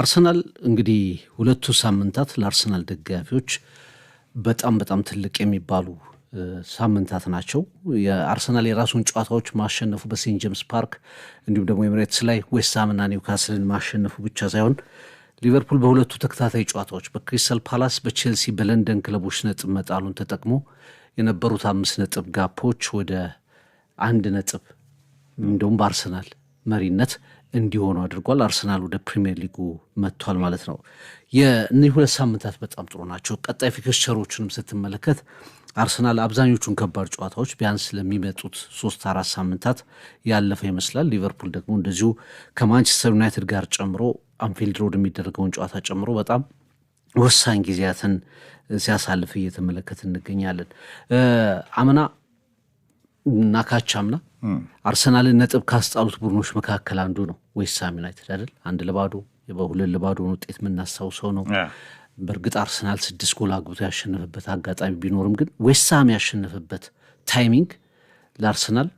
አርሰናል እንግዲህ ሁለቱ ሳምንታት ለአርሰናል ደጋፊዎች በጣም በጣም ትልቅ የሚባሉ ሳምንታት ናቸው። የአርሰናል የራሱን ጨዋታዎች ማሸነፉ በሴንት ጄምስ ፓርክ እንዲሁም ደግሞ ኤምሬትስ ላይ ዌስትሃምና ኒውካስልን ማሸነፉ ብቻ ሳይሆን ሊቨርፑል በሁለቱ ተከታታይ ጨዋታዎች በክሪስታል ፓላስ፣ በቼልሲ፣ በለንደን ክለቦች ነጥብ መጣሉን ተጠቅሞ የነበሩት አምስት ነጥብ ጋፖች ወደ አንድ ነጥብ እንዲሁም በአርሰናል መሪነት እንዲሆኑ አድርጓል። አርሰናል ወደ ፕሪሚየር ሊጉ መጥቷል ማለት ነው። የእነዚህ ሁለት ሳምንታት በጣም ጥሩ ናቸው። ቀጣይ ፊክስቸሮችንም ስትመለከት አርሰናል አብዛኞቹን ከባድ ጨዋታዎች ቢያንስ ለሚመጡት ሶስት አራት ሳምንታት ያለፈ ይመስላል። ሊቨርፑል ደግሞ እንደዚሁ ከማንቸስተር ዩናይትድ ጋር ጨምሮ አንፊልድ ሮድ የሚደረገውን ጨዋታ ጨምሮ በጣም ወሳኝ ጊዜያትን ሲያሳልፍ እየተመለከት እንገኛለን። አምና ናካቻምና አርሰናልን ነጥብ ካስጣሉት ቡድኖች መካከል አንዱ ነው። ዌስትሃም ዩናይትድ አይደል አንድ ለባዶ በሁለት ለባዶ ውጤት የምናስታውሰው ነው። በእርግጥ አርሰናል ስድስት ጎል አግብቶ ያሸነፈበት አጋጣሚ ቢኖርም ግን ዌስትሃም ያሸነፈበት ታይሚንግ ለአርሰናል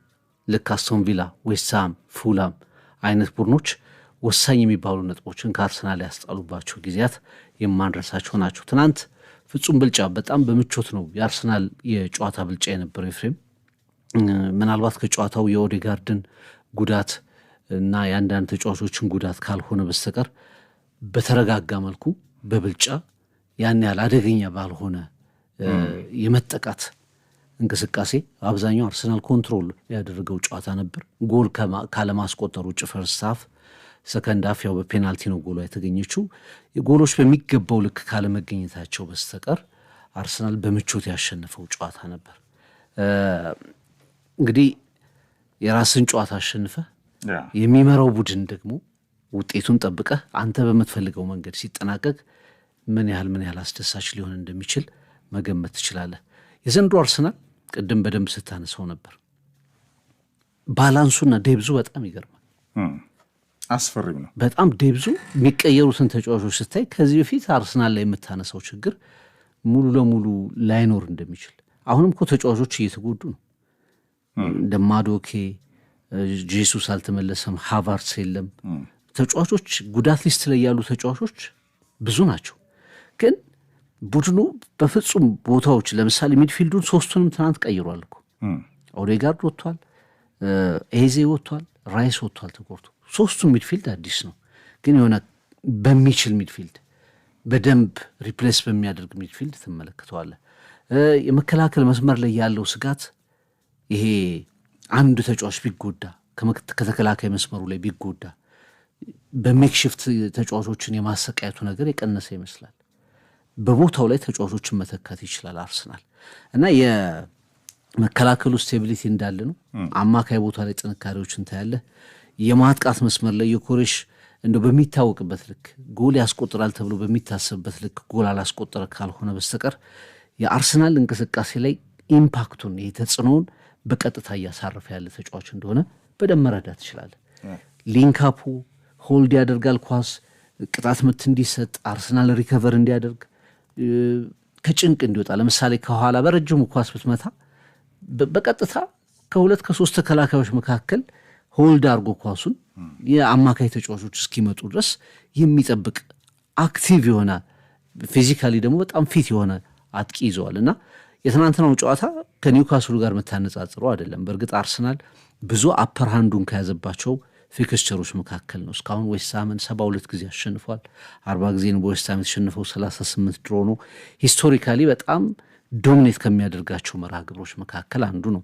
ልክ አስቶን ቪላ፣ ዌስትሃም፣ ፉላም አይነት ቡድኖች ወሳኝ የሚባሉ ነጥቦችን ከአርሰናል ያስጣሉባቸው ጊዜያት የማንረሳቸው ናቸው። ትናንት ፍጹም ብልጫ በጣም በምቾት ነው የአርሰናል የጨዋታ ብልጫ የነበረው ፍሬም ምናልባት ከጨዋታው የኦዴጋርድን ጉዳት እና የአንዳንድ ተጫዋቾችን ጉዳት ካልሆነ በስተቀር በተረጋጋ መልኩ በብልጫ ያን ያህል አደገኛ ባልሆነ የመጠቃት እንቅስቃሴ አብዛኛው አርሰናል ኮንትሮል ያደረገው ጨዋታ ነበር። ጎል ካለማስቆጠር ውጭ ፈርስት ሰከንድ ሃፍ ያው በፔናልቲ ነው ጎሏ የተገኘችው። ጎሎች በሚገባው ልክ ካለመገኘታቸው በስተቀር አርሰናል በምቾት ያሸነፈው ጨዋታ ነበር። እንግዲህ የራስን ጨዋታ አሸንፈ የሚመራው ቡድን ደግሞ ውጤቱን ጠብቀህ አንተ በምትፈልገው መንገድ ሲጠናቀቅ ምን ያህል ምን ያህል አስደሳች ሊሆን እንደሚችል መገመት ትችላለህ። የዘንዶ አርሰናል ቅድም በደንብ ስታነሰው ነበር። ባላንሱና ዴብዙ በጣም ይገርማል። አስፈሪም ነው በጣም ዴብዙ። የሚቀየሩትን ተጫዋቾች ስታይ ከዚህ በፊት አርሰናል ላይ የምታነሳው ችግር ሙሉ ለሙሉ ላይኖር እንደሚችል አሁንም እኮ ተጫዋቾች እየተጎዱ ነው እንደ ማዶኬ ጄሱስ አልተመለሰም፣ ሃቫርትስ የለም። ተጫዋቾች ጉዳት ሊስት ላይ ያሉ ተጫዋቾች ብዙ ናቸው። ግን ቡድኑ በፍጹም ቦታዎች ለምሳሌ ሚድፊልዱን ሶስቱንም ትናንት ቀይሯል እኮ ኦዴጋርድ ወጥቷል፣ ኤዜ ወጥቷል፣ ራይስ ወጥቷል ተጎርቶ። ሶስቱም ሚድፊልድ አዲስ ነው። ግን የሆነ በሚችል ሚድፊልድ በደንብ ሪፕሌስ በሚያደርግ ሚድፊልድ ትመለከተዋለ የመከላከል መስመር ላይ ያለው ስጋት ይሄ አንድ ተጫዋች ቢጎዳ ከተከላካይ መስመሩ ላይ ቢጎዳ በሜክሽፍት ተጫዋቾችን የማሰቃየቱ ነገር የቀነሰ ይመስላል። በቦታው ላይ ተጫዋቾችን መተካት ይችላል አርሰናል እና የመከላከሉ ስቴቢሊቲ እንዳለ ነው። አማካይ ቦታ ላይ ጥንካሬዎችን ታያለህ። የማጥቃት መስመር ላይ የኮሬሽ እንደ በሚታወቅበት ልክ ጎል ያስቆጥራል ተብሎ በሚታሰብበት ልክ ጎል አላስቆጠረ ካልሆነ በስተቀር የአርሰናል እንቅስቃሴ ላይ ኢምፓክቱን ይህ ተጽዕኖውን በቀጥታ እያሳረፈ ያለ ተጫዋች እንደሆነ በደንብ መረዳት ትችላለህ። ሊንካፑ ሆልድ ያደርጋል ኳስ ቅጣት ምት እንዲሰጥ አርሰናል ሪከቨር እንዲያደርግ ከጭንቅ እንዲወጣ። ለምሳሌ ከኋላ በረጅሙ ኳስ ብትመታ በቀጥታ ከሁለት ከሶስት ተከላካዮች መካከል ሆልድ አድርጎ ኳሱን የአማካይ ተጫዋቾች እስኪመጡ ድረስ የሚጠብቅ አክቲቭ የሆነ ፊዚካሊ ደግሞ በጣም ፊት የሆነ አጥቂ ይዘዋል እና የትናንትናው ጨዋታ ከኒውካስሉ ጋር የምታነጻጽረው አይደለም። በእርግጥ አርሰናል ብዙ አፐርሃንዱን ከያዘባቸው ፊክስቸሮች መካከል ነው። እስካሁን ዌስትሃምን ሰባ ሁለት ጊዜ አሸንፏል። አርባ ጊዜ ነው በዌስትሃም የተሸነፈው፣ ሰላሳ ስምንት ድሮ ነው። ሂስቶሪካሊ በጣም ዶሚኔት ከሚያደርጋቸው መርሃ ግብሮች መካከል አንዱ ነው።